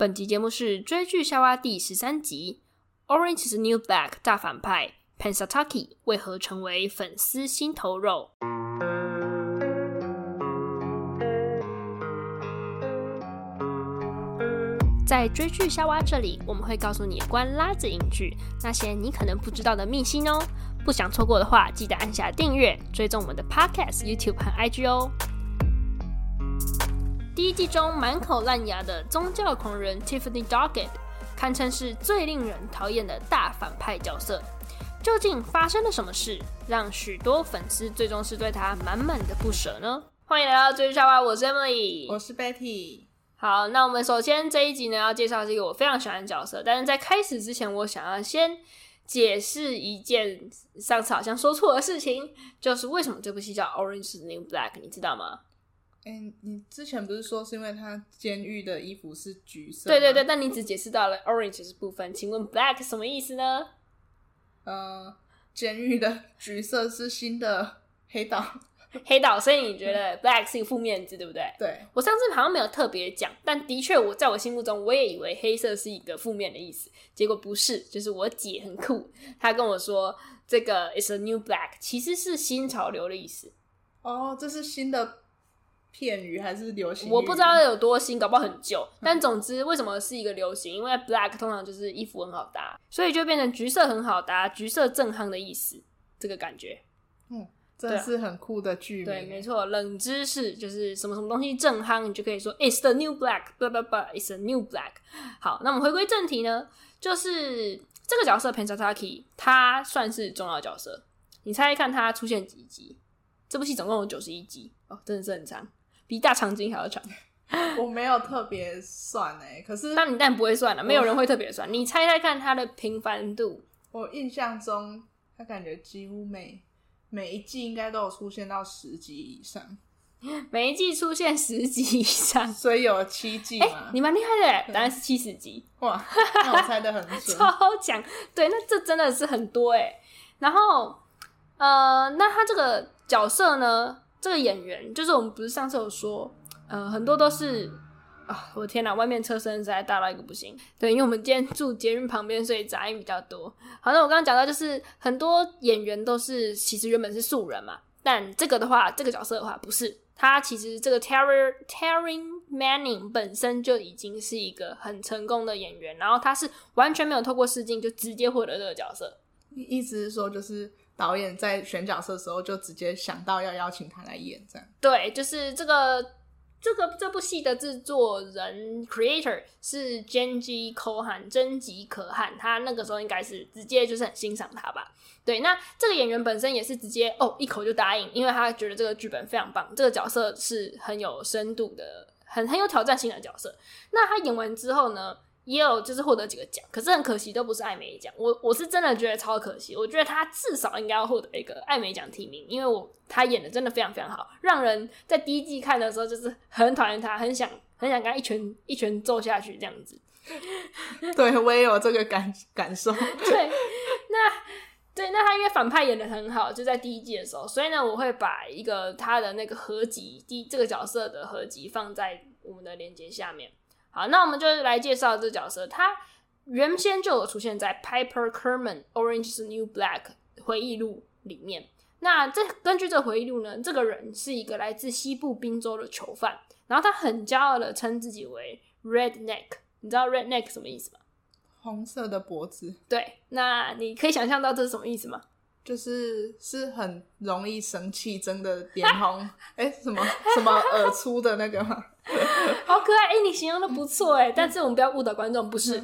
本集節目是追劇夏娃》第十三集，《Orange Is the New Black 大反派 Pennsatucky 為何成為粉絲心頭肉？在追劇夏娃》這裡，我們會告訴你關拉子影劇那些你可能不知道的秘辛哦。不想錯過的話，記得按下訂閱，追蹤我們的 Podcast、YouTube 和 IG 哦。第一季中滿口爛牙的宗教狂人 Tiffany d o g g e t t 堪稱是最令人討厭的大反派角色。究竟發生了什麼事，讓許多粉絲最終是對他滿滿的不舍呢？歡迎來到《追劇小花》，我是 Emily，我是 Betty。好，那我們首先這一集呢，要介紹這個我非常喜歡的角色。但是在開始之前，我想要先解釋一件上次好像說錯的事情，就是為什麼這部戲叫《Orange a n w Black》，你知道嗎？哎，你之前不是說是因為他監獄的衣服是橘色？對對對。但你只解釋到了 orange 的部分，請問 black 什麼意思呢？呃，監獄的橘色是新的黑道，黑道，所以你覺得 black 是一個負面字，對不對？對。我上次好像沒有特別講，但的確，我在我心目中，我也以為黑色是一個負面的意思。結果不是，就是我姐很酷，她跟我說這個 is a new black，其實是新潮流的意思。哦，這是新的。片語還是流行？我不知道有多新，搞不好很舊。但總之，為什麼是一個流行？因為 black 通常就是衣服很好搭，所以就變成橘色很好搭，橘色正夯的意思，這個感覺。嗯，真的是很酷的劇名對，對，沒錯，冷知識就是什麼什麼東西正夯，你就可以說 it's the new black，blah blah blah，it's the new black。好，那我們回歸正題呢，就是這個角色 Pennsatucky，他算是重要角色。你猜一看，他出現幾集？這部戲總共有九十一集哦，真的是很長。比大長今還要長， 我沒有特別算哎，可是那你當然不會算了、啊，沒有人會特別算，你猜猜看它的頻繁度。我印象中，它感覺幾乎每每一季應該都有出現到十集以上，每一季出現十集以上， 所以有七季嘛、欸？你蠻厲害的耶，答案是七十集哇！那我猜的很準， 超強，對，那這真的是很多哎。然後呃，那他這個角色呢？這個演員就是我們不是上次有說，呃，很多都是啊、哦，我天哪，外面車聲實在大到一個不行。對，因為我們今天住捷運旁邊，所以雜音比較多。好，那我剛剛講到，就是很多演員都是其實原本是素人嘛，但這個的話，這個角色的話不是，他其實這個 Taryn Taryn Manning 本身就已經是一個很成功的演員，然後他是完全沒有透過試鏡就直接獲得這個角色。意思是說，就是。導演在選角色的時候，就直接想到要邀請他來演，這樣。對，就是這個這個這部戲的制作人 creator 是 Jenji Kohan，甄吉可汗，他那個時候應該是直接就是很欣賞他吧。對，那這個演員本身也是直接哦一口就答應，因為他覺得這個劇本非常棒，這個角色是很有深度的，很很有挑戰性的角色。那他演完之後呢？也有就是獲得幾個獎，可是很可惜都不是艾美獎。我我是真的覺得超可惜，我覺得他至少應該要獲得一個艾美獎提名，因為我他演的真的非常非常好，讓人在第一季看的時候就是很討厭他，很想很想跟他一拳一拳揍下去這樣子。對，我也有這個感感受。 對，那對那他因為反派演的很好，就在第一季的時候，所以呢，我會把一個他的那個合輯，第這個角色的合輯放在我們的連結下面。好，那我們就來介紹這角色。他原先就有出現在 Piper Kerman Orange is New Black 回憶錄裡面。那這根據這回憶錄呢，這個人是一個來自西部賓州的囚犯，然後他很驕傲地稱自己為 Redneck。你知道 Redneck 什麼意思嗎？紅色的脖子。對，那你可以想象到這是什麼意思嗎？就是是很容易生氣，真的臉紅，哎、 欸，什麼什麼耳粗的那個嗎？ 好可愛哎、欸，你形容的不錯哎、嗯，但是我們不要誤導觀眾，不是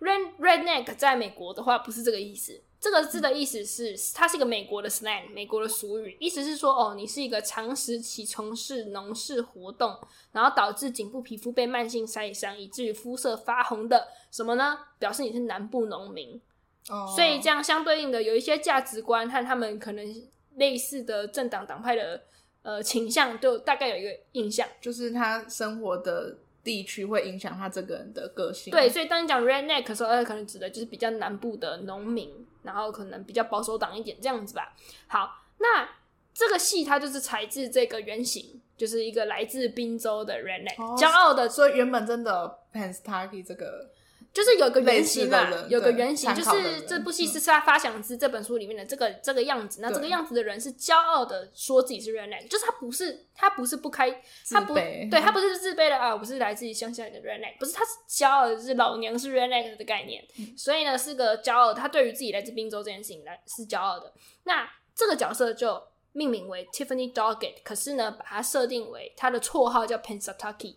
red、嗯、redneck 在美國的話不是這個意思，這個字的意思是它，是一個美國的 slang，美國的俗語，意思是說哦，你是一個長時期從事農事活動，然後導致頸部皮膚被慢性曬傷，以至於膚色發紅的什麼呢？表示你是南部農民哦，所以這樣相對應的有一些價值觀和他們可能類似的政黨黨派的。呃，傾向就大概有一個印象，就是他生活的地區會影響他這個人的個性。對，所以當你講 redneck 的時候，他可能指的就是比較南部的農民，然後可能比較保守黨一點這樣子吧。好，那這個戲它就是採自這個原型，就是一個來自賓州的 redneck、哦、驕傲的說原本真的 Pennsatucky 這個。就是有個原型吧、啊，有個原型，就是這部戲是他發想自這本書裡面的這個這個樣子，嗯。那這個樣子的人是驕傲的，說自己是 redneck，就是他不是他不是不開，自卑他不對、嗯、他不是自卑的啊，我不是來自於鄉下的 redneck，不是，他是驕傲的，的是老娘是 redneck 的概念，嗯、所以呢是個驕傲的，他對於自己來自賓州這件事情來是驕傲的。那這個角色就命名為 Tiffany Doggett，可是呢把它設定為他的綽號叫 Pennsatucky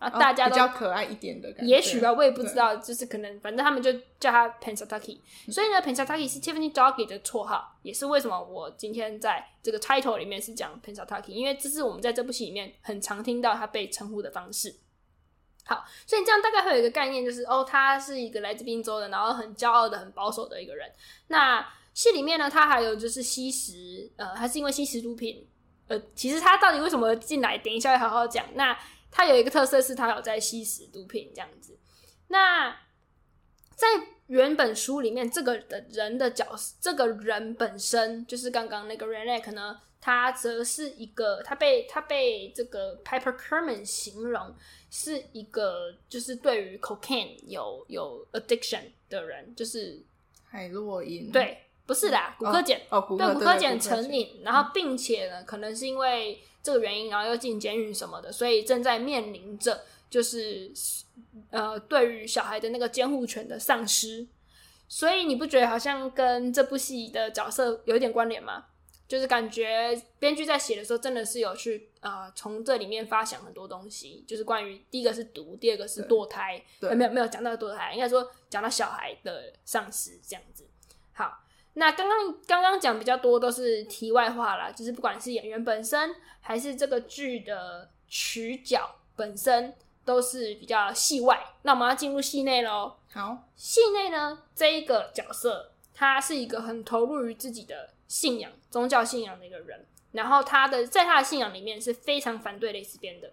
啊、哦，大家比較可愛一點的感覺，也許吧，我也不知道，就是可能，反正他們就叫他 Pennsatucky。所以呢、嗯，Pennsatucky 是 Tiffany Doggett 的綽號，也是為什麼我今天在這個 title 裡面是講 Pennsatucky，因為這是我們在這部戲裡面很常聽到他被稱呼的方式。好，所以這樣大概會有一個概念，就是哦，他是一個來自賓州的，然後很驕傲的、很保守的一個人。那戲裡面呢，他還有就是吸食，呃，還是因為吸食毒品，呃，其實他到底為什麼進來？等一下會好好講。那。他有一個特色是，他有在吸食毒品這樣子。那在原本書裡面，這個的人的角色，這個人本身就是剛剛那個人類可能他則是一個，他被他被這個 Piper Kerman 形容是一個，就是對於 cocaine 有有 addiction 的人，就是海洛因。對，不是的，古柯鹼哦，哦古柯，對，古柯鹼成癮，然後並且呢，嗯、可能是因為。這個原因，然後又進監獄什麼的，所以正在面臨着就是呃，對於小孩的那個監護權的喪失。所以你不覺得好像跟這部戲的角色有一點關聯嗎？就是感覺編劇在寫的時候，真的是有去呃，從這裡面發想很多東西，就是關於第一個是毒，第二個是墮胎。對，沒有沒有講到墮胎，應該說講到小孩的喪失這樣子。那剛剛剛剛講比較多都是題外話啦，就是不管是演員本身，還是這個劇的取角本身，都是比較戲外。那我們要進入戲內嘍。好，戲內呢，這一個角色他是一個很投入於自己的信仰、宗教信仰的一個人，然後他的在他的信仰裡面是非常反對蕾絲邊的，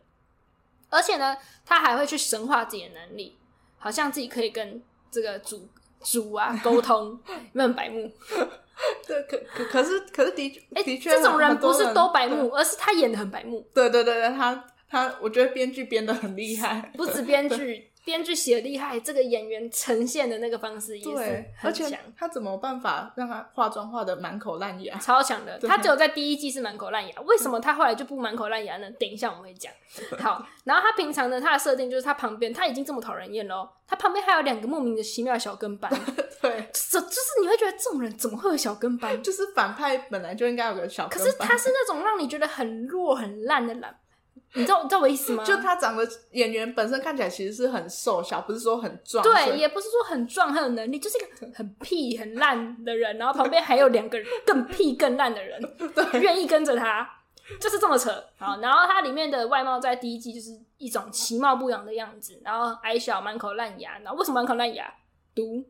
而且呢，他還會去神化自己的能力，好像自己可以跟這個主。主啊，溝通，因為很白目。 對，可可可是，可是的確、欸，的確這種人不是都白目，而是他演的很白目。對對對對，他他，我覺得編劇編的很厲害，不止編劇。 編劇寫得厲害，這個演員呈現的那個方式也是很強。他怎麼辦法讓他化妝化得滿口爛牙？超強的，他只有在第一季是滿口爛牙，為什麼他後來就不滿口爛牙呢？嗯。等一下我們會講。好，然後他平常呢，他的設定就是他，旁邊他已經這麼討人厭咯。他旁邊還有兩個莫名的奇妙的小跟班。對，這就，就是你會覺得這種人怎麼會有小跟班？就是反派本來就應該有個小跟班。可是他是那種讓你覺得很弱很爛的爛。你知道知道我意思嗎？就他長得演員本身看起來其實是很瘦小，不是說很壯，對，也不是說很壯他的能力，就是一個很屁很爛的人。然後旁邊還有兩個更屁更爛的人，願意跟着他，就是這麼扯。好，然後他裡面的外貌在第一季就是一種其貌不揚的樣子，然後矮小，滿口爛牙。然後為什麼滿口爛牙？毒，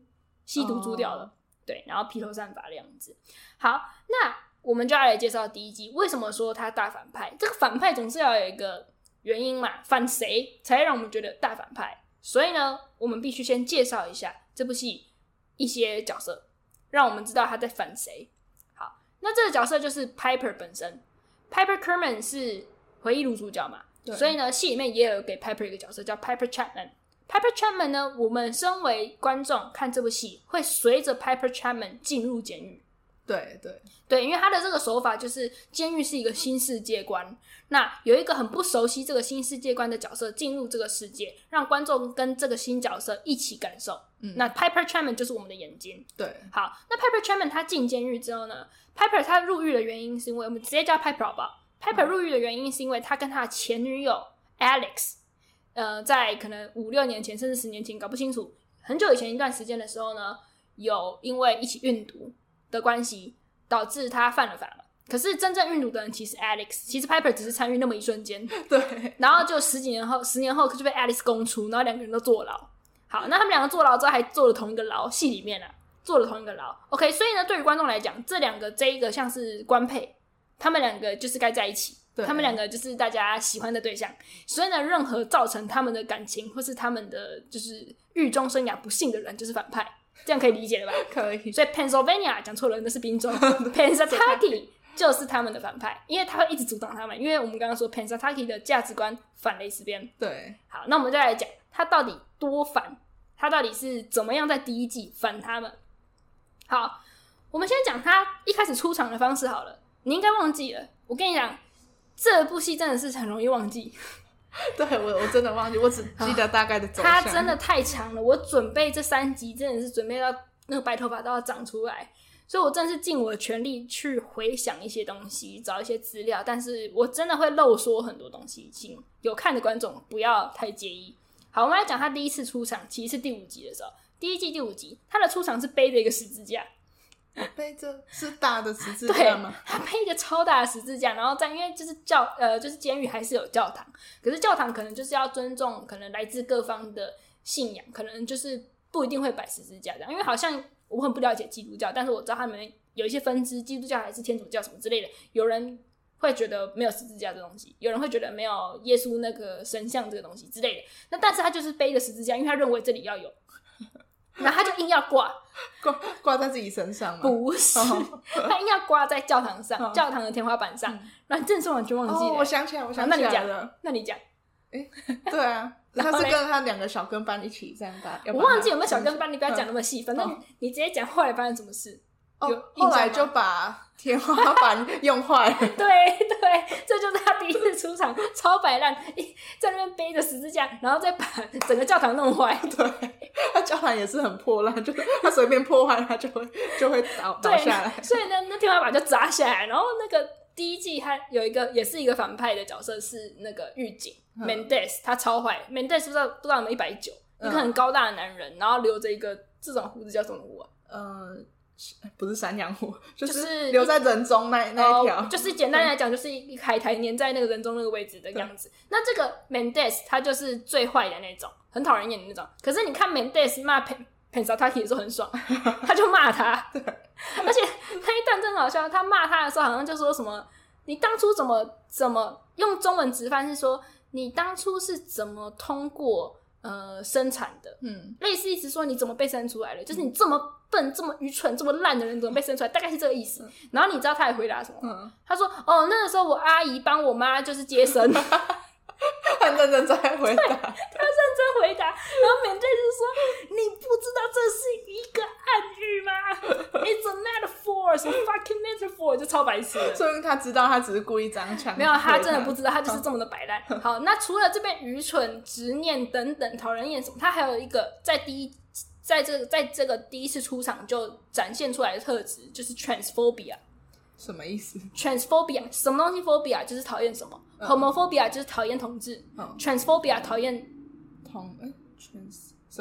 吸毒蛀掉了。哦。對，然後披頭散髮的樣子。好，那。我們就要來介紹第一集。為什麼說他大反派？這個反派總是要有一個原因嘛，反誰才讓我們覺得大反派？所以呢，我們必須先介紹一下這部戲一些角色，讓我們知道他在反誰。好，那這個角色就是 Piper 本身。Piper Kerman 是回憶錄主角嘛？對。所以呢，戲裡面也有給 Piper 一個角色叫 Piper Chapman。Piper Chapman 呢，我們身為觀眾看這部戲，會隨着 Piper Chapman 進入監獄。對對對，因為他的這個手法就是，監獄是一個新世界觀，那有一個很不熟悉這個新世界觀的角色進入這個世界，讓觀眾跟這個新角色一起感受。嗯，那 Piper Chapman 就是我們的眼睛。對，好，那 Piper Chapman 他進監獄之後呢，Piper 他入獄的原因是因為我們直接叫 Piper 好不好。Piper 入獄的原因是因為他跟他的前女友 Alex，、嗯、呃，在可能五六年前甚至十年前搞不清楚，很久以前一段時間的時候呢，有因為一起運毒。嗯的關係導致他犯了法了，可是真正運毒的人其實 Alex，其實 Piper 只是參與那麼一瞬間，對，然後就十幾年後，十年後就被 Alex 供出，然後兩個人都坐牢。好，那他們兩個坐牢之後還坐了同一個牢，戲裡面了，啊，坐了同一個牢。OK，所以呢，對於觀眾來講，這兩個這一個像是官配，他們兩個就是該在一起，他們兩個就是大家喜歡的對象。所以呢，任何造成他們的感情或是他們的就是獄中生涯不幸的人，就是反派。這樣可以理解了吧？可以。所以 Pennsylvania 講錯了，那是賓州。 Pennsatucky 就是他們的反派，因為他會一直阻擋他們。因為我們剛剛說 Pennsatucky 的價值觀反蕾絲邊。對。好，那我們再來講他到底多反，他到底是怎麼樣在第一季反他們。好，我們先講他一開始出場的方式好了。你應該忘記了，我跟你講，這部戲真的是很容易忘記。 對我我真的忘記，我只記得大概的走向、哦、他真的太強了，我準備這三集真的是準備到那個白頭髮都要長出來，所以我真的是盡我的全力去回想一些東西，找一些資料，但是我真的會漏說很多東西，請有看的觀眾不要太介意。好，我們來講他第一次出場，其實是第五集的時候，第一季第五集，他的出場是背着一個十字架。我背着是大的十字架嗎？對，他背一個超大的十字架，然後在因為就是教呃就是監獄還是有教堂，可是教堂可能就是要尊重可能來自各方的信仰，可能就是不一定會擺十字架這樣，因為好像我很不了解基督教，但是我知道他們有一些分支，基督教還是天主教什麼之類的，有人會覺得沒有十字架這東西，有人會覺得沒有耶穌那個神像這個東西之類的，那但是他就是背一個十字架，因為他認為這裡要有。然後他就硬要掛掛掛在自己身上嗎？不是，哦、他硬要掛在教堂上，嗯，教堂的天花板上。嗯、然後正說完就忘記，欸哦，我想起來，我想起來，那你講了，那你講，誒對啊 然後呢，他是跟他兩個小跟班一起這樣吧？我忘記有沒有小跟班，嗯、你不要講那麼細，反、嗯、正你，你直接講後來發生什麼事。哦，後來就把。天花板用壞 對對，這就是他第一次出場 超擺爛，一在那邊背着十字架，然後再把整個教堂弄壞， 對，他教堂也是很破爛，就他隨便破壞他就會就會倒倒下來，所以呢，那天花板就砸下來，然後那個第一季他有一個也是一個反派的角色是那個獄警、嗯、Mendes，他超壞，Mendes 不知道不知道有沒有一百九，一個很高大的男人，然後留着一個這種鬍子叫什麼？我嗯、呃。不是山羊鬍，就是留在人中那，就是，一那條，就是簡單來講，就是一海苔粘在那個人中那個位置的樣子。那這個 Mendes 他就是最壞的那種，很討人厭的那種。可是你看 Mendes 罵 Pennsatucky 他，其實很爽， 他就罵他。而且那一段真的好笑，他罵他的時候，好像就說什麼，你當初怎麼怎麼用中文直翻是說，你當初是怎麼通過？呃，生產的，嗯，類似意思說你怎麼被生出來了？就是你這麼笨，這麼愚蠢，這麼爛的人怎麼被生出來？大概是這個意思。然後你知道他還回答什麼？嗯。他說：“哦，那個時候我阿姨幫我媽就是接生。 ” 他認真在回答， 他認真回答，然後面隊就說：“你不知道這是一個暗喻嗎？It's a metaphor, 什麼 fucking metaphor，就超白痴。”說明他知道，他只是故意裝腔。沒有，他真的不知道，他就是這麼的擺爛。 好，那除了這邊愚蠢、執念等等討人厭什麼，他還有一個在第一，在這個在這個第一次出場就展現出來的特質，就是 transphobia。什麼意思？Transphobia，什麼東西 phobia 就是討厭什麼、嗯。Homophobia 就是討厭同志。嗯、Transphobia 討厭同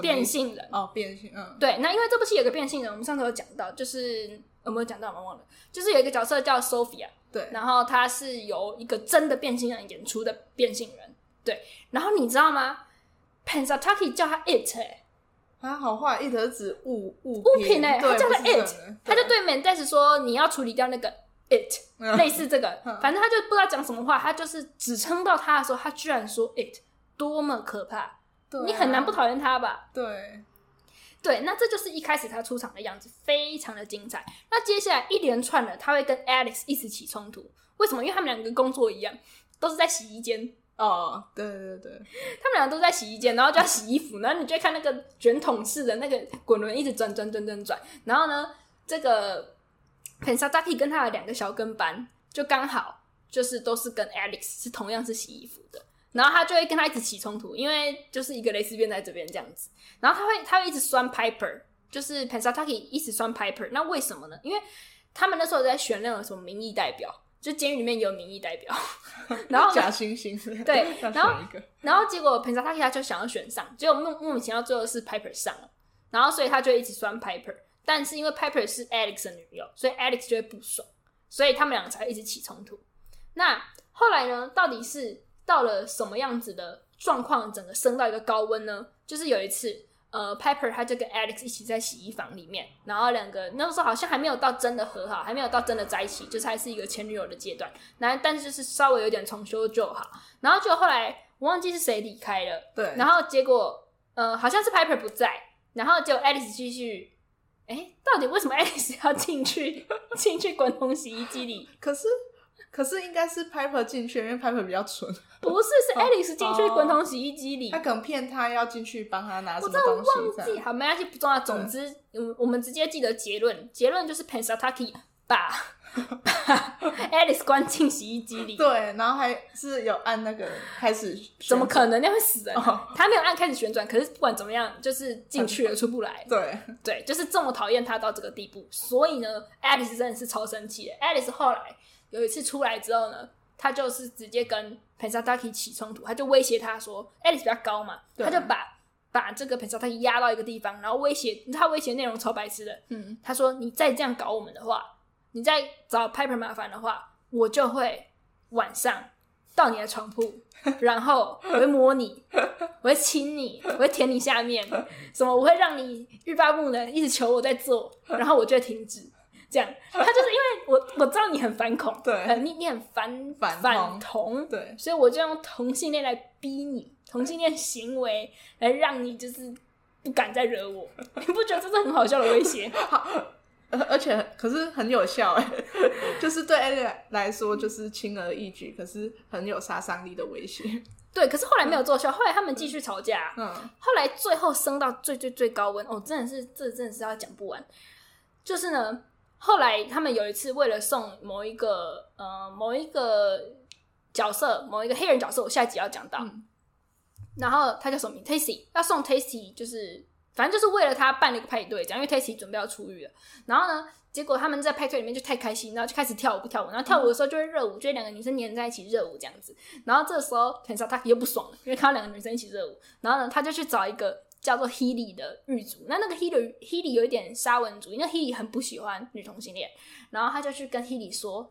變性人什麼。哦，變性嗯。對，那因為這部戲有個變性人，我們上次有講到，就是我們有沒有講到？我忘了，就是有一個角色叫 Sophia，對，然後他是由一個真的變性人演出的變性人，對。然後你知道嗎？Pennsatucky 叫他 it，他好壞，it 是指物物物品誒、欸，他叫他 it，、欸、他就對面但是說你要處理掉那個。It、嗯、類似這個、嗯，反正他就不知道講什麼話、嗯，他就是只撐到他的時候，他居然說 It 多麼可怕，啊、你很難不討厭他吧？對，對，那這就是一開始他出場的樣子，非常的精彩。那接下來一連串的，他會跟 Alex 一直起衝突，為什麼？因為他們兩個工作一樣，都是在洗衣間哦，對，對對對，他們兩個都在洗衣間，然後就要洗衣服，然後你就會看那個捲筒式的那個滾輪一直轉轉轉轉轉，然後呢，這個。Pennsatucky 跟他的兩個小跟班就剛好就是都是跟 Alex 是同樣是洗衣服的，然後他就會跟他一直起衝突，因為就是一個蕾絲邊在這邊這樣子，然後他會他會一直酸 Piper，就是 Pennsatucky 一直酸 Piper，那為什麼呢？因為他們那時候在選那種什麼民意代表，就監獄裡面有民意代表， 然後假惺惺，對，然後然後結果 Pennsatucky 他就想要選上，結果莫莫名其妙最後是 Piper 上了，然後所以他就一直酸 Piper。但是因為 Piper 是 Alex 的女友，所以 Alex 就會不爽，所以他們兩個才一直起衝突。那後來呢？到底是到了什麼樣子的狀況，整個升到一個高溫呢？就是有一次，呃，Piper 他就跟 Alex 一起在洗衣房裡面，然後兩個那個時候好像還沒有到真的和好，還沒有到真的在一起，就是還是一個前女友的階段。然後但是就是稍微有點重修舊好。然後就後來我忘記是誰離開了，對。然後結果呃，好像是 Piper 不在，然後就 Alex 繼續。哎、欸，到底為什麼 Alice 要進去？進去滾筒洗衣機裡？ 可是，可是應該是 Piper 進去，因為 Piper 比較蠢。不是，是 Alice 進去滾筒洗衣機裡，哦哦。他可能騙他要進去幫他拿什麼東西我忘記。好，沒關係，不重要，啊。總之，嗯，我們直接記得結論。結論就是 Pennsatucky 吧。 Alice 關進洗衣機裡，對，然後還是有按那個開始旋轉，怎麼可能？那會死人！哦、他沒有按開始旋轉，可是不管怎麼樣，就是進去了、嗯、出不來。對，對，就是這麼討厭他到這個地步，所以呢，Alice 真的是超生氣的，Alice 後來有一次出來之後呢，他就是直接跟 Pennsatucky 起衝突，他就威脅他說：“Alice 比較高嘛，對，他就把把這個 Pennsatucky 壓到一個地方，然後威脅，他威脅內容超白痴的。嗯，他說：‘你再這樣搞我們的話。’你再找 Piper 麻煩的話，我就會晚上到你的床鋪，然後我會摸你， 我會親你，我會舔你下面，什麼我會讓你欲罷不能，一直求我在做，然後我就會停止。這樣，他就是因為我我知道你很反恐，對，呃、你你很反反同，反同，對，所以我就用同性戀來逼你，同性戀行為來讓你就是不敢再惹我。 你不覺得這是很好笑的威脅？ 好。而且可是很有效哎，就是對艾麗來說就是輕而易舉，可是很有殺傷力的威脅。對，可是後來沒有奏效、嗯，後來他們繼續吵架。嗯，後來最後升到最最最高溫哦，真的是這真的是要講不完。就是呢，後來他們有一次為了送某一個呃某一個角色，某一個黑人角色，我下一集要講到、嗯。然後他叫什麼名？Tasty 要送 Tasty 就是。反正就是為了他辦了一個派對，這樣，因為泰奇準備要出獄了。然後呢，結果他們在派對裡面就太開心，然後就開始跳舞不跳舞。然後跳舞的時候就會熱舞，嗯、就兩個女生黏在一起熱舞這樣子。然後這時候，泰莎她又不爽了，因為看到兩個女生一起熱舞。然後呢，他就去找一個叫做 Healy 的獄卒。那那個 Healy，Healy 有一點沙文主義，因為 Healy 很不喜歡女同性戀。然後他就去跟 Healy 說。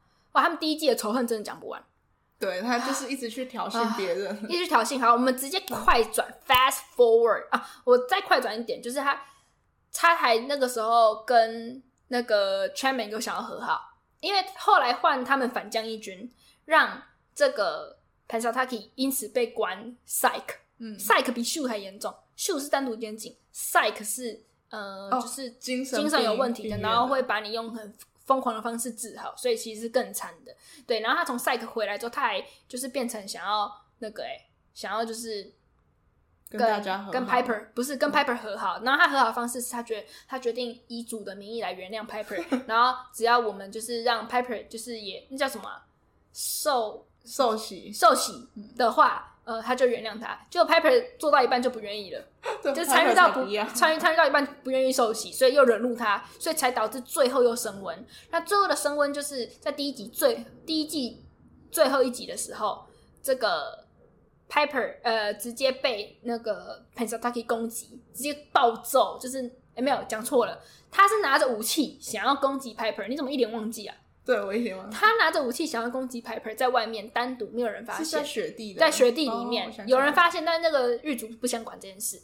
哇，他們第一季的仇恨真的講不完，對他就是一直去挑釁別人、 啊，一直挑釁。好，我們直接快轉 ，fast forward 啊！我再快轉一點，就是他，他還那個時候跟那個 Chapman 就又想要和好，因為後來換他們反將一軍，讓這個 Pennsatucky 因此被關 psych，嗯，psych 比 shoe 還嚴重，shoe 是單獨監禁，psych 是呃、哦，就是精神精神有問題的，然後會把你用很。瘋狂的方式治好，所以其實是更慘的。對，然後他從賽克回來之後，他還就是變成想要那個哎、欸，想要就是跟、跟大家和好，跟 Piper 不是跟 Piper 和好，嗯。然後他和好的方式是他決他決定以主的名義來原諒 Piper，嗯。然後只要我們就是讓 Piper 就是也那叫什麼、啊、受受洗受洗的話，嗯呃，他就原諒他，結果 Piper 做到一半就不願意了，就參、是、與到不參與，參與到一半不願意受洗，所以又惹怒他，所以才導致最後又升溫。那最後的升溫就是在第一集最第一季最後一集的時候，這個 Piper 呃直接被那個 Pennsatucky 攻擊，直接暴揍，就是、欸、沒有講錯了，他是拿着武器想要攻擊 Piper，你怎麼一點忘記啊？對，威脅嘛他拿着武器想要攻擊 Piper，在外面單獨沒有人發現，是在雪地的，在雪地裡面有人發現，哦、發現但那個獄主不想管這件事。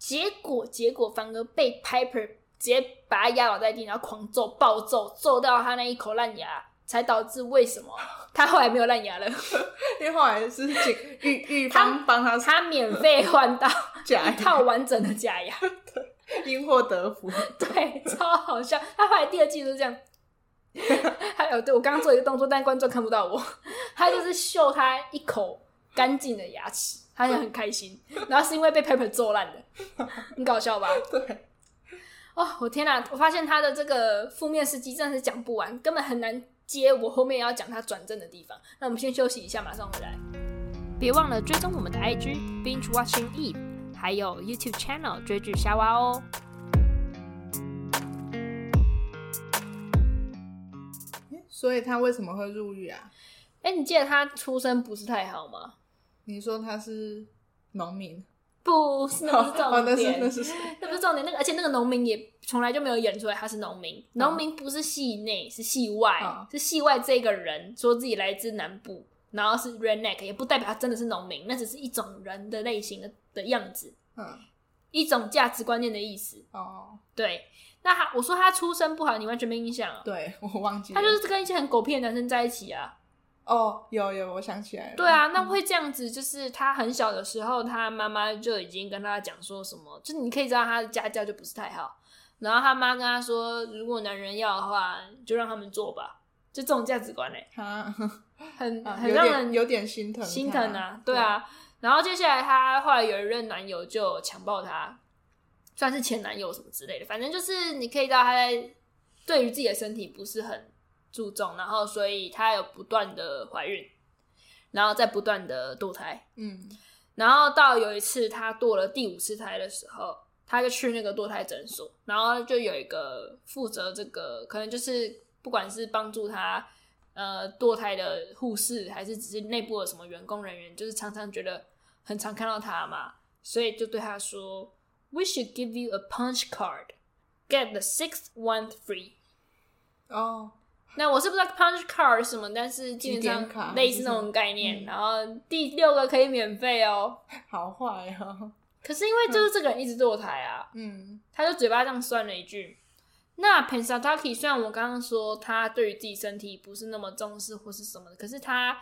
結果，結果反而被 Piper 直接把他壓倒在地，然後狂揍、暴揍，揍到他那一口爛牙，才導致為什麼他後來沒有爛牙了？ 因為後來是獄獄 方幫他，他，他免費換到 假牙套完整的假牙， 因禍得福，對，超好笑。他後來第二季都是這樣。 還有，對，我剛剛做一個動作，但觀眾看不到我。他就是秀他一口乾淨的牙齒，他也很開心。然後是因為被 Piper 揍爛的，很搞笑吧？對。哦，我天哪、啊！我發現他的這個負面事蹟真的是講不完，根本很難接。我後面要講他轉正的地方。那我們先休息一下，馬上回來。別忘了追蹤我們的 IG，Binge Watching Eve，還有 YouTube channel 追劇瞎娃哦。所以他為什麼會入獄啊？哎、欸，你記得他出身不是太好嗎？你說他是農民？不,那不是重點，這、 哦哦、不是重點。那個，而且那個農民也從來就沒有演出來他是農民。農、嗯、民不是戲內，是戲外，嗯、是戲外這個人說自己來自南部，然後是 redneck，也不代表他真的是農民，那只是一種人的類型的的樣子，嗯，一種價值觀念的意思。哦，對。那他我說他出身不好，你完全沒印象啊？對，我忘記了。他就是跟一些很狗屁的男生在一起啊。哦、oh，有有，我想起來了。對啊，那會這樣子、嗯，就是他很小的時候，他媽媽就已經跟他講說什麼，就你可以知道他的家教就不是太好。然後他媽跟他說，如果男人要的話，就讓他們做吧，就這種價值觀嘞、欸啊。很很讓人有點心疼，心疼啊，對啊，對。然後接下來他後來有一任男友就強暴他。算是前男友什麼之類的，反正就是你可以知道，她對於自己的身體不是很注重，然後所以她有不斷的懷孕，然後再不斷的墮胎，嗯，然後到有一次她墮了第五次胎的時候，她就去那個墮胎診所，然後就有一個負責這個，可能就是不管是幫助她呃墮胎的護士，還是只是內部的什麼員工人員，就是常常覺得很常看到她嘛，所以就對她說。We should give you a punch card, get the sixth one free. 哦、oh,，那我是不知道 punch card 什麼，但是這張卡，類似那種概念，然後第六個可以免費哦。嗯啊、好壞哦。可是因為就是這個人一直坐台，啊，嗯，他就嘴巴這樣酸了一句。那 Pennsatucky 雖然我剛剛說他對於自己身體不是那麼重視或是什麼的，可是他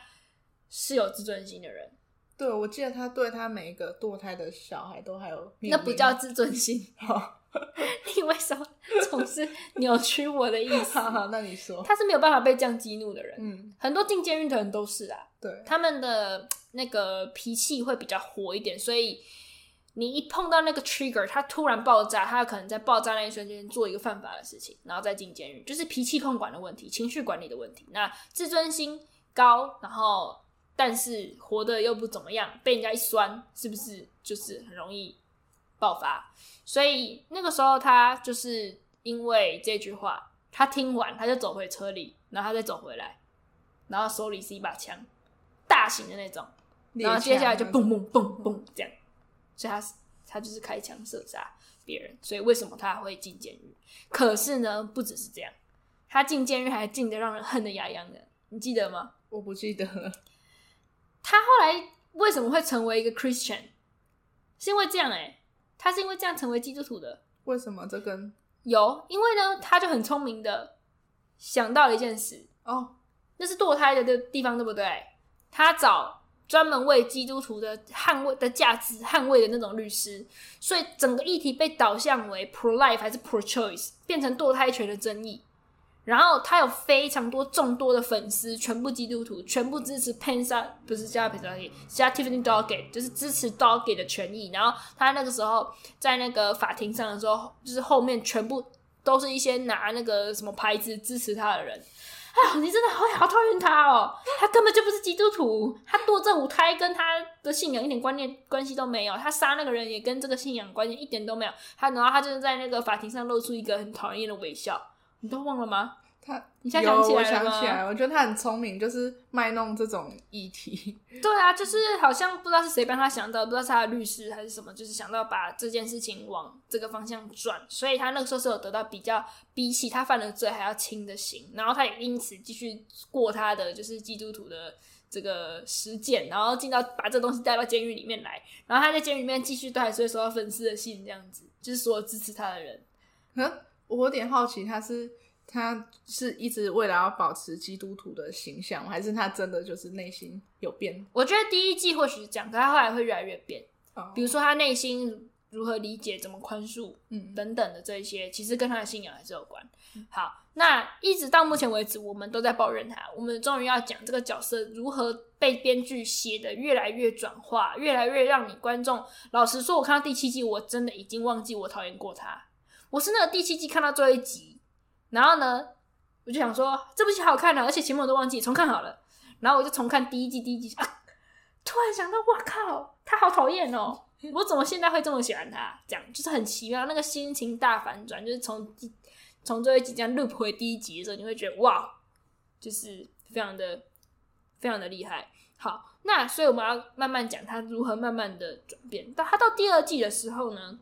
是有自尊心的人。對，我記得他對他每一個墮胎的小孩都還有。那不叫自尊心。 你為什麼總是扭曲我的意思？ 好好，那你說，他是沒有辦法被這樣激怒的人。嗯，很多進監獄的人都是啊。對，他們的那個脾氣會比較火一點，所以你一碰到那個 trigger，他突然爆炸，他可能在爆炸那一瞬間做一個犯法的事情，然後再進監獄，就是脾氣控管的問題，情緒管理的問題。那自尊心高，然後。但是活得又不怎麼樣，被人家一酸，是不是就是很容易爆發？所以那個時候他就是因為這句話，他聽完他就走回車裡，然後他再走回來，然後手裡是一把槍，大型的那種，然後接下來就嘣嘣嘣嘣這樣，所以他他就是開槍射殺別人，所以為什麼他會進監獄？可是呢，不只是這樣，他進監獄還進得讓人恨得牙癢的，你記得嗎？我不記得了。他後來為什麼會成為一個 Christian？是因為這樣誒、欸，他是因為這樣成為基督徒的。為什麼這跟？有，因為呢，他就很聰明的想到了一件事哦，那是墮胎的的地方，對不對？他找專門為基督徒的捍衛的價值、捍衛的那種律師，所以整個議題被導向為 pro life 還是 pro choice，變成墮胎權的爭議。然後他有非常多眾多的粉絲，全部基督徒，全部支持 Pennsatucky 不是叫 Pennsatucky 叫 Tiffany Doggett，就是支持 Doggett 的權益。然後他那個時候在那個法庭上的時候，就是後面全部都是一些拿那個什麼牌子支持他的人。哎呀，你真的好，好討厭他哦！他根本就不是基督徒，他墮這五胎跟他的信仰一點觀念關係都沒有，他殺那個人也跟這個信仰關係一點都沒有。他然後他就是在那個法庭上露出一個很討厭的微笑。你都忘了嗎？他，你現在想起來了嗎？我想起來，我覺得他很聰明，就是賣弄這種議題。對啊，就是好像不知道是誰幫他想到，不知道是他的律師還是什麼，就是想到把這件事情往這個方向轉，所以他那個時候是有得到比較比起他犯了罪還要輕的刑，然後他也因此繼續過他的就是基督徒的這個實踐，然後進到把這東西帶到監獄裡面來，然後他在監獄裡面繼續帶，所以收到粉絲的信，這樣子就是所有支持他的人，嗯。我有點好奇，他是他是一直為了要保持基督徒的形象，還是他真的就是內心有變？我覺得第一季或許是這樣，可他後來會越來越變。Oh. 比如說他內心如何理解、怎麼寬恕，嗯等等的這些、嗯，其實跟他的信仰還是有關、嗯。好，那一直到目前為止，我們都在抱怨他。我們終於要講這個角色如何被編劇寫得越來越轉化，越來越讓你觀眾。老實說，我看到第七季，我真的已經忘記我討厭過他。我是那個第七季看到最後一集，然後呢，我就想說，這部戲好好看了啊，而且前面我都忘記，重看好了。然後我就重看第一季第一集，啊，突然想到，哇靠，他好討厭哦！我怎麼現在會這麼喜歡他？這樣就是很奇妙，那個心情大反轉，就是從從最後一集這樣 loop 回第一集的時候，你會覺得哇，就是非常的非常的厲害。好，那所以我們要慢慢講他如何慢慢的轉變。到他到第二季的時候呢？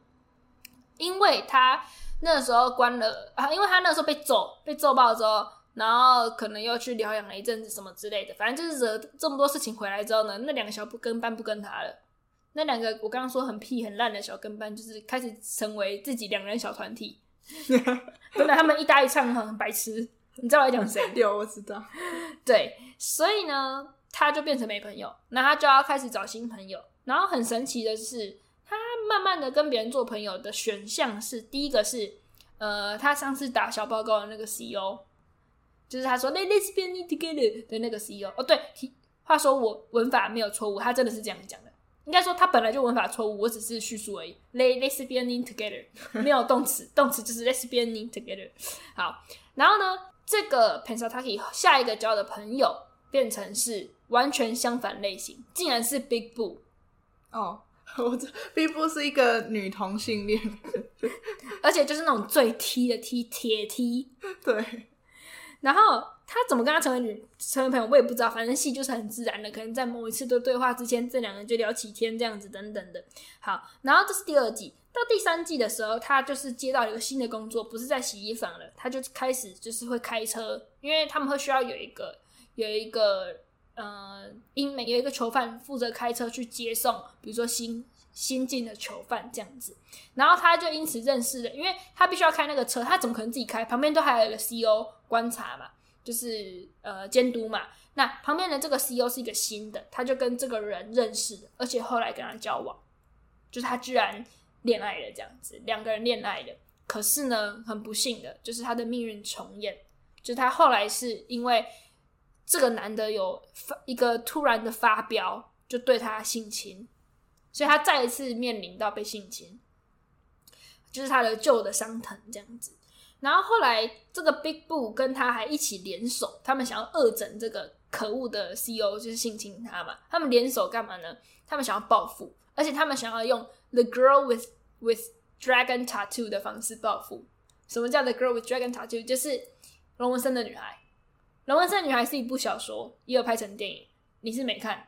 因為他那時候關了啊，因為他那時候被揍，被揍爆之後，然後可能又去療養了一陣子什麼之類的，反正就是惹這麼多事情回來之後呢，那兩個小跟班不跟他了，那兩個我剛剛說很屁很爛的小跟班，就是開始成為自己兩人小團體，本 來 他們一搭一唱很白痴，你知道我要講誰？我知道，對，所以呢，他就變成沒朋友，那他就要開始找新朋友，然後很神奇的是。他慢慢的跟別人做朋友的選項是第一個是，呃，他上次打小報告的那個 CEO，就是他說 Let's be together 的那個 CEO。哦，對，話說我文法沒有錯誤，他真的是這樣講的。應該說他本來就文法錯誤，我只是敘述而已。 Let's be together 沒有動詞，動詞就是 Let's be together。好，然後呢，這個 Pennsatucky 下一個交的朋友變成是完全相反類型，竟然是 Big Boo 哦。我這並不是一個女同性戀，而且就是那種最 T 的 T 鐵 T。對，然後他怎麼跟他成為女成為朋友，我也不知道。反正戲就是很自然的，可能在某一次的對話之前，這兩個人就聊起天這樣子等等的。好，然後這是第二季，到第三季的時候，他就是接到一個新的工作，不是在洗衣房了，他就開始就是會開車，因為他們會需要有一個有一個。呃，英美有一個囚犯負責開車去接送，比如說新新進的囚犯這樣子，然後他就因此認識了，因為他必須要開那個車，他怎麼可能自己開？旁邊都還有一個 CO 觀察嘛，就是呃監督嘛。那旁邊的這個 CO 是一個新的，他就跟這個人認識，而且後來跟他交往，就是他居然戀愛了這樣子，兩個人戀愛了。可是呢，很不幸的就是他的命運重演，就是他後來是因為。這個男的有發一個突然的發飆，就對她性侵，所以她再一次面臨到被性侵，就是她的舊的傷疼這樣子。然後後來這個 Big Boo 跟他還一起聯手，他們想要惡整這個可惡的 CO，就是性侵她嘛。他們聯手幹嘛呢？他們想要報復，而且他們想要用 The Girl with with Dragon Tattoo 的方式報復。什麼叫 The Girl with Dragon Tattoo？就是龍紋身的女孩。《龍紋身女孩》是一部小說，也有拍成電影。你是沒看？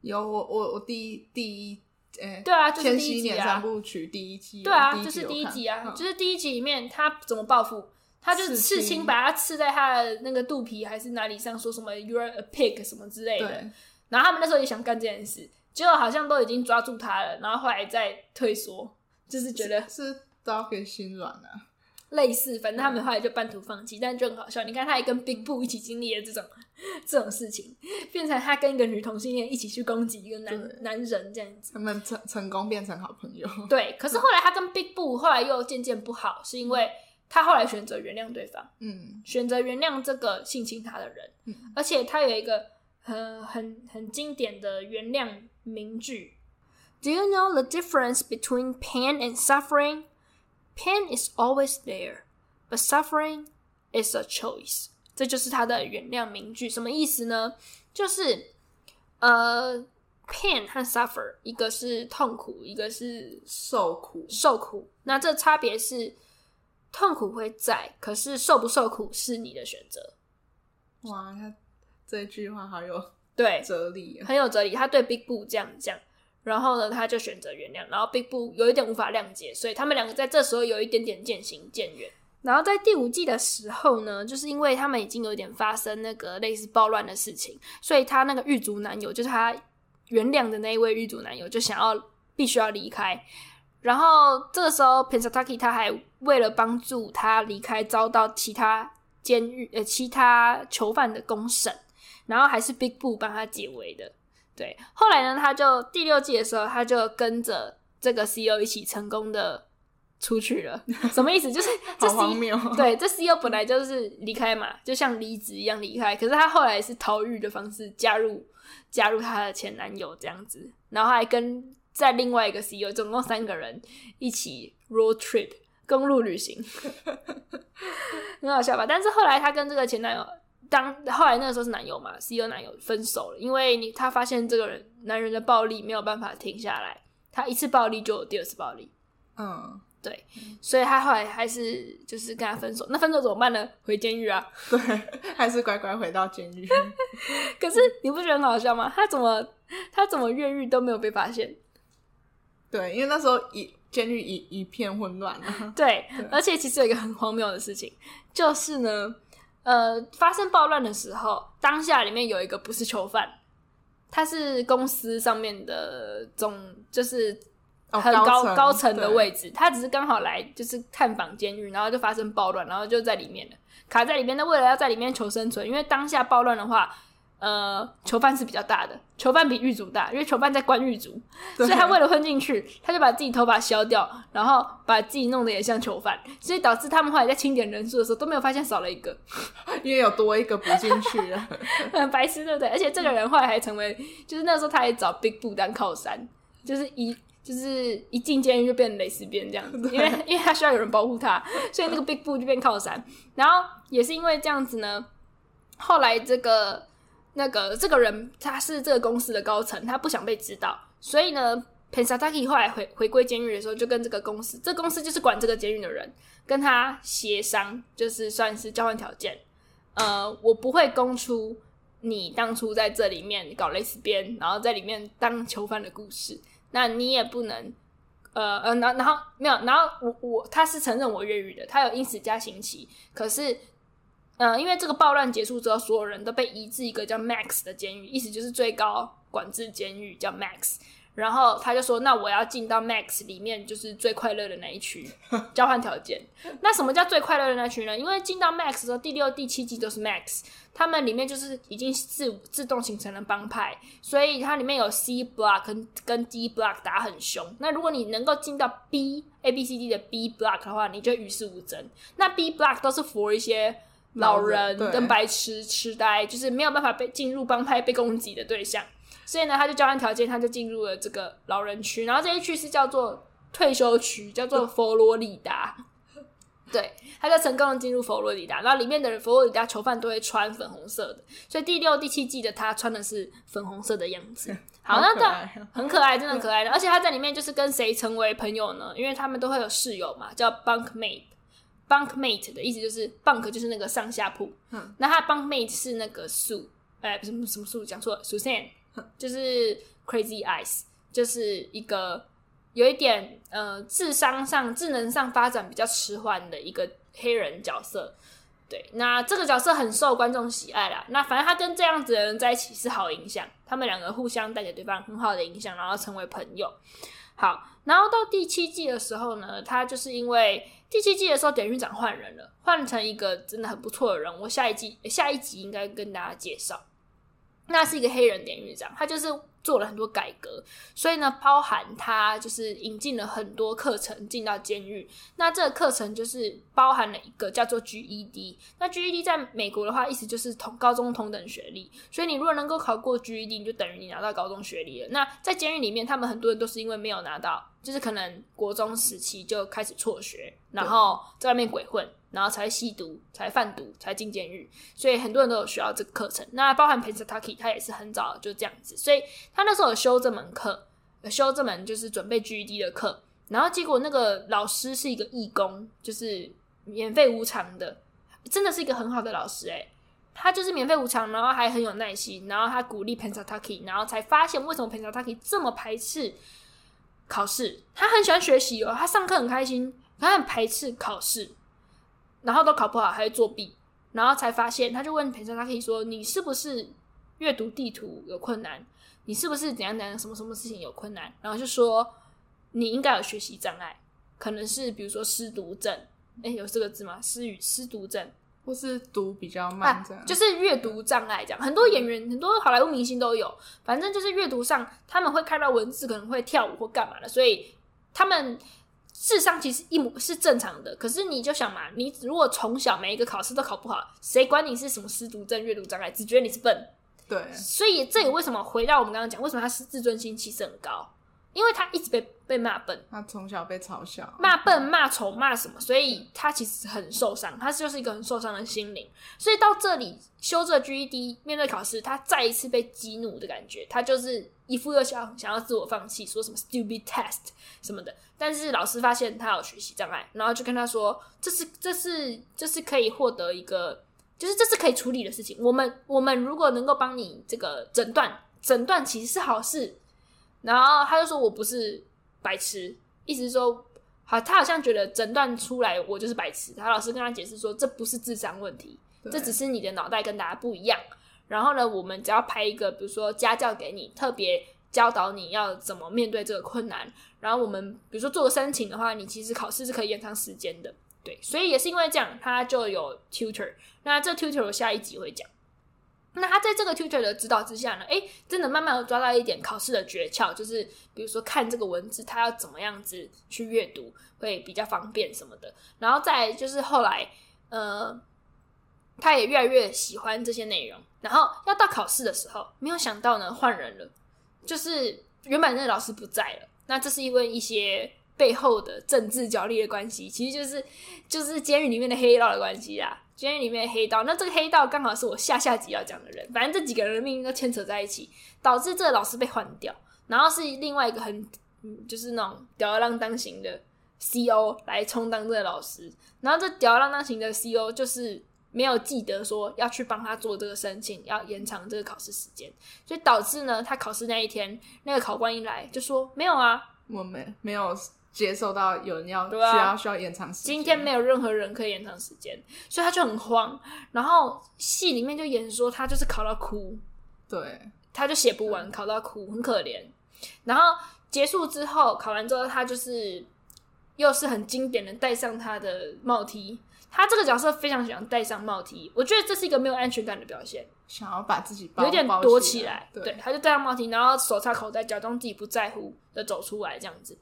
有我我我第一第一，誒、欸、對啊，就是第一集啊。千禧年三部曲第一季。對啊，就是第一集啊、嗯，就是第一集裡面他怎麼報復？他就刺青，把他刺在他的那個肚皮還是哪裡上，說什麼 “You're a pig” 什麼之類的。然後他們那時候也想幹這件事，結果好像都已經抓住他了，然後後來再退縮，就是覺得是 Doggett 心軟了、啊。類似，反正他們後來就半途放棄、嗯，但就很好笑。你看，他也跟 Big Boo 一起經歷了這種、嗯、這種事情，變成他跟一個女同性戀一起去攻擊一個男男人這樣子。他們成成功變成好朋友，對。可是後來他跟 Big Boo 後來又漸漸不好、嗯，是因為他後來選擇原諒對方，嗯，選擇原諒這個性侵他的人，嗯、而且他有一個很很很經典的原諒名句：Do you know the difference between pain and suffering？Pain is always there, but suffering is a choice。這就是他的原諒名句，什麼意思呢？就是呃，pain 和 suffer，一個是痛苦，一個是受苦，受苦。那這差別是痛苦會在，可是受不受苦是你的選擇。哇，看這句話好有，對，哲理。對，很有哲理。他對 Big Boo 這樣講。然後呢，他就選擇原諒，然後 Big Boo 有一點無法諒解，所以他們兩個在這時候有一點點漸行漸遠。然後在第五季的時候呢，就是因為他們已經有點發生那個類似暴亂的事情，所以他那個獄卒男友，就是他原諒的那一位獄卒男友，就想要必須要離開。然後這個時候，Pennsatucky 他還為了幫助他離開，遭到其他監獄呃其他囚犯的公審，然後還是 Big Boo 幫他解圍的。對，後來呢，他就第六季的時候，他就跟着這個 C E O 一起成功的出去了。 什麼意思？就是這是好、哦、對，這 C E O 本來就是離開嘛，就像離職一樣離開。可是他後來是逃獄的方式加入加入他的前男友這樣子，然後他還跟在另外一個 C E O，總共三個人一起 road trip 公路旅行， 很好笑吧？但是後來他跟這個前男友。當後來那個時候是男友嘛，是男友分手了，因為你他發現這個人男人的暴力沒有辦法停下來，他一次暴力就有第二次暴力，嗯，對，所以他後來還是就是跟他分手。那分手怎麼辦呢？回監獄啊，對，還是乖乖回到監獄。 可是你不覺得很好笑嗎？他怎麼他怎麼越獄都沒有被發現？對，因為那時候一監獄一一片混亂啊，對，對，而且其實有一個很荒謬的事情，就是呢。呃，發生暴亂的時候，當下裡面有一個不是囚犯，他是公司上面的總，就是很高，哦、高層的位置。他只是剛好來就是探訪監獄，然後就發生暴亂，然後就在裡面了，卡在裡面。那為了要在裡面求生存，因為當下暴亂的話。呃，囚犯是比較大的，囚犯比獄卒大，因為囚犯在關獄卒，所以他為了混進去，他就把自己頭髮削掉，然後把自己弄得也像囚犯，所以導致他們後來在清點人數的時候都沒有發現少了一個， 因為有多一個補進去了， 很白癡，對不對？嗯。而且這個人後來還成為，就是那時候他還找 Big Boo 當靠山，就是一就是一進監獄就變蕾絲邊這樣子，因為因為他需要有人保護他，所以那個 Big Boo 就變靠山，然後也是因為這樣子呢，後來這個。那個這個人他是這個公司的高層，他不想被知道，所以呢，Pennsatucky 後來回回歸監獄的時候，就跟這個公司，這個、公司就是管這個監獄的人，跟他協商，就是算是交換條件。呃，我不會供出你當初在這裡面搞蕾絲邊，然後在裡面當囚犯的故事。那你也不能，呃呃，然後然後沒有，然後我我他是承認我越獄的，他有因此加刑期，可是。嗯，因為這個暴亂結束之後，所有人都被移至一個叫 Max 的監獄，意思就是最高管制監獄，叫 Max。然後他就說：“那我要進到 Max 裡面，就是最快樂的那一區。 ”交換條件。那什麼叫最快樂的那一區呢？因為進到 Max 的時候，第六、第七季都是 Max，他們裡面就是已經自自動形成了幫派，所以它裡面有 C Block 跟跟 D Block 打很兇。那如果你能夠進到 B A B C D 的 B Block 的話，你就與世無爭。那 B Block 都是佛一些，老人跟白痴、痴呆，就是沒有辦法被進入幫派被攻擊的對象，所以呢，他就交換條件，他就進入了這個老人區。然後這一區是叫做退休區，叫做佛羅里達。 對，他就成功的進入佛羅里達。然後裡面的人，佛羅里達囚犯都會穿粉紅色的，所以第六、第七季的他穿的是粉紅色的樣子。好，那這很可愛，真的很可愛的。 而且他在裡面就是跟誰成為朋友呢？因為他們都會有室友嘛，叫 bunk mate。Bunkmate 的意思就是 bunk 就是那個上下鋪，嗯，那他 bunk mate 是那個 Sue，哎，不、呃、是什麼什麼 Sue，講錯了，Suzanne 就是 Crazy Eyes，就是一個有一點呃智商上、智能上發展比較遲緩的一個黑人角色，對，那這個角色很受觀眾喜愛啦，那反正他跟這樣子的人在一起是好影響，他們兩個互相帶給對方很好的影響，然後成為朋友。好，然後到第七季的時候呢，他就是因為第七季的時候，典獄長換人了，換成一個真的很不錯的人。我下一季下一集應該跟大家介紹。那是一個黑人典獄長，他就是做了很多改革，所以呢，包含他就是引進了很多課程進到監獄。那這個課程就是包含了一個叫做 GED。那 GED 在美國的話，意思就是同高中同等學歷，所以你如果能夠考過 GED，你就等於你拿到高中學歷了。那在監獄裡面，他們很多人都是因為沒有拿到，就是可能國中時期就開始輟學，然後在外面鬼混。然後才吸毒，才販毒，才進監獄，所以很多人都有學到這個課程。那包含 Pennsatucky 他也是很早就這樣子，所以他那時候有修這門課，有修這門就是準備 GED 的課。然後結果那個老師是一個義工，就是免費無償的，真的是一個很好的老師。欸。誒。他就是免費無償，然後還很有耐心，然後他鼓勵 Pennsatucky，然後才發現為什麼 Pennsatucky 這麼排斥考試。他很喜歡學習哦，他上課很開心，他很排斥考試。然後都考不好，還會作弊，然後才發現，他就問培生，他可以說你是不是閱讀地圖有困難？你是不是怎樣怎樣什麼什麼事情有困難？然後就說你應該有學習障礙，可能是比如說失讀症，誒，有這個字嗎？失語、失讀症，或是讀比較慢、啊、這樣，就是閱讀障礙這樣。很多演員、很多好萊塢明星都有，反正就是閱讀上他們會看到文字可能會跳舞或幹嘛的，所以他們。智商，其實一模是正常的。可是你就想嘛，你如果從小每一個考試都考不好，誰管你是什麼失讀症、閱讀障礙，只覺得你是笨。對。所以，這也為什麼回到我們剛剛講，為什麼他是自尊心其實很高，因為他一直被。被罵笨，他從小被嘲笑，罵笨、罵醜、罵什麼，所以他其實很受傷，他就是一個很受傷的心靈。所以到這裡修這 GED，面對考試，他再一次被激怒的感覺，他就是一副又想要想要自我放棄，說什麼 stupid test 什麼的。但是老師發現他有學習障礙，然後就跟他說：“這是，這是，這是可以獲得一個，就是這是可以處理的事情。我們，我們如果能夠幫你這個診斷，診斷其實是好事。”然後他就說：“我不是。”白痴，意思是說，好，他好像覺得診斷出來我就是白痴。他老師跟他解釋說，這不是智商問題，這只是你的腦袋跟大家不一樣。然後呢，我們只要拍一個，比如說家教給你，特別教導你要怎麼面對這個困難。然後我們比如說做個申請的話，你其實考試是可以延長時間的，對。所以也是因為這樣，他就有 tutor。那這 tutor 我下一集會講。那他在這個 tutor 的指導之下呢，誒，真的慢慢抓到一點考試的訣竅，就是比如說看這個文字，他要怎麼樣子去閱讀會比較方便什麼的。然後再就是後來，呃，他也越來越喜歡這些內容。然後要到考試的時候，沒有想到呢，換人了，就是原本那個老師不在了。那這是因為一些背後的政治角力的關係，其實就是就是監獄裡面的黑道的關係啦。監獄裡面的黑道，那這個黑道剛好是我下下集要講的人。反正這幾個人的命運都牽扯在一起，導致這個老師被換掉，然後是另外一個很、嗯、就是那種吊兒郎當型的 C.O 來充當這個老師。然後這吊兒郎當型的 C.O 就是沒有記得說要去幫他做這個申請，要延長這個考試時間，所以導致呢他考試那一天那個考官一來就說沒有啊，我沒沒有。接受到有人要對、啊、需要需要延長時間，今天沒有任何人可以延長時間，所以他就很慌。然後戲裡面就演說他就是考到哭，對，他就寫不完，考到哭，很可憐。然後結束之後，考完之後，他就是又是很經典的戴上他的帽 T。他這個角色非常喜歡戴上帽 T，我覺得這是一個沒有安全感的表現，想要把自己抱有點躲起來，起來對。對，他就戴上帽 T，然後手插口袋，假裝自己不在乎的走出來這樣子。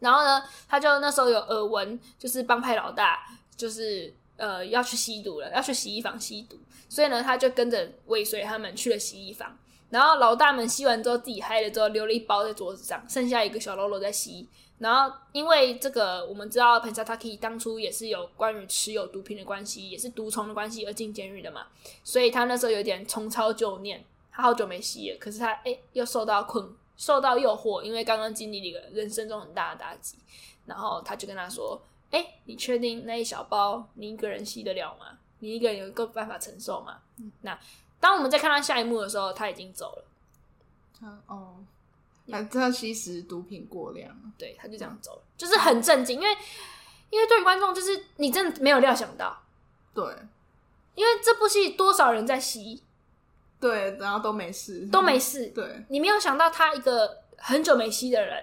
然後呢，他就那時候有耳聞，就是幫派老大就是呃要去吸毒了，要去洗衣房吸毒，所以呢，他就跟着尾隨他們去了洗衣房。然後老大們吸完之後，自己嗨了之後，留了一包在桌子上，剩下一個小嘍囉在吸。然後因為這個，我們知道 Pennsatucky 當初也是有關於持有毒品的關係，也是毒蟲的關係而進監獄的嘛，所以他那時候有點重操舊念，他好久沒吸了，可是他哎又受到困。受到誘惑，因為剛剛經歷了人生中很大的打擊，然後他就跟他說：“哎、欸，你確定那一小包你一個人吸得了嗎？你一個人有個辦法承受嗎？”嗯、那當我們在看到下一幕的時候，他已經走了。他哦，那他，他吸食毒品過量、嗯，對，他就這樣走了，嗯、就是很震驚，因為因為對於觀眾，就是你真的沒有料想到，對，因為這部戲多少人在吸。對，然後都沒事，都沒事，嗯，對，你沒有想到他一個很久沒吸的人，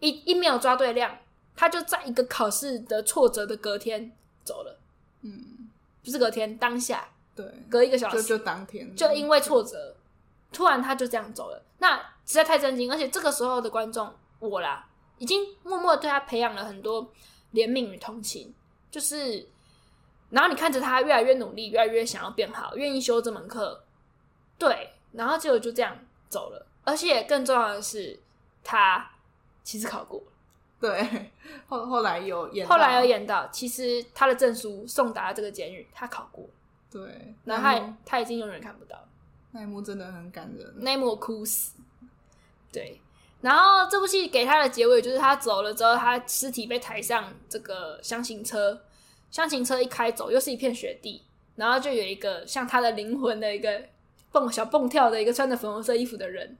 一一沒有抓對量，他就在一個考試的挫折的隔天走了。嗯，不是隔天，當下，對，隔一個小時就，就當天，就因為挫折，突然他就這樣走了。那實在太震驚，而且這個時候的觀眾，我啦，已經默默對他培養了很多憐憫與同情，就是，然後你看着他越來越努力，越來越想要變好，願意修這門課。對，然後結果就這樣走了，而且更重要的是，他其實考過。對，後後來有演，後來有演到，其實他的證書送達這個監獄，他考過。對，然後他,他已經永遠看不到，那一幕真的很感人，那一幕我哭死。對，然後這部戲給他的結尾就是他走了之後，他屍體被抬上這個箱型車，箱型車一開走，又是一片雪地，然後就有一個像他的靈魂的一個。蹦小蹦跳的一個穿着粉紅色衣服的人，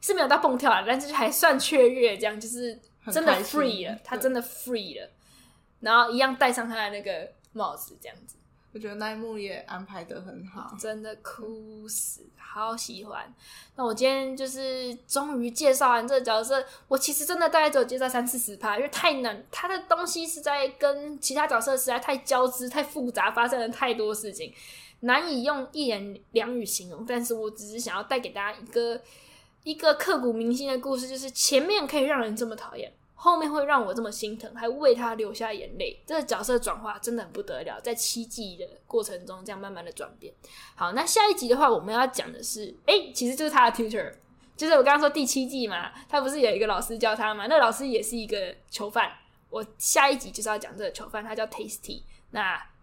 是沒有到蹦跳啊，但是就還算雀躍，這樣就是真的 free 了，他真的 free 了，然後一樣戴上他的那個帽子，這樣子，我覺得那一幕也安排得很好，真的哭死，好喜歡。那我今天就是終於介紹完這個角色，我其實真的大概只有介紹三四十趴，因為太難，他的東西是在跟其他角色實在太交織、太複雜，發生了太多事情。難以用一言兩語形容，但是我只是想要帶給大家一個一個刻骨銘心的故事，就是前面可以讓人這麼討厭，後面會讓我這麼心疼，還為他流下眼淚。這個角色轉化真的很不得了，在七季的過程中這樣慢慢的轉變。好，那下一集的話，我們要講的是，誒，其實就是他的 teacher，就是我剛剛說第七季嘛，他不是有一個老師教他嘛？那老師也是一個囚犯。我下一集就是要講這個囚犯，他叫 Tasty。那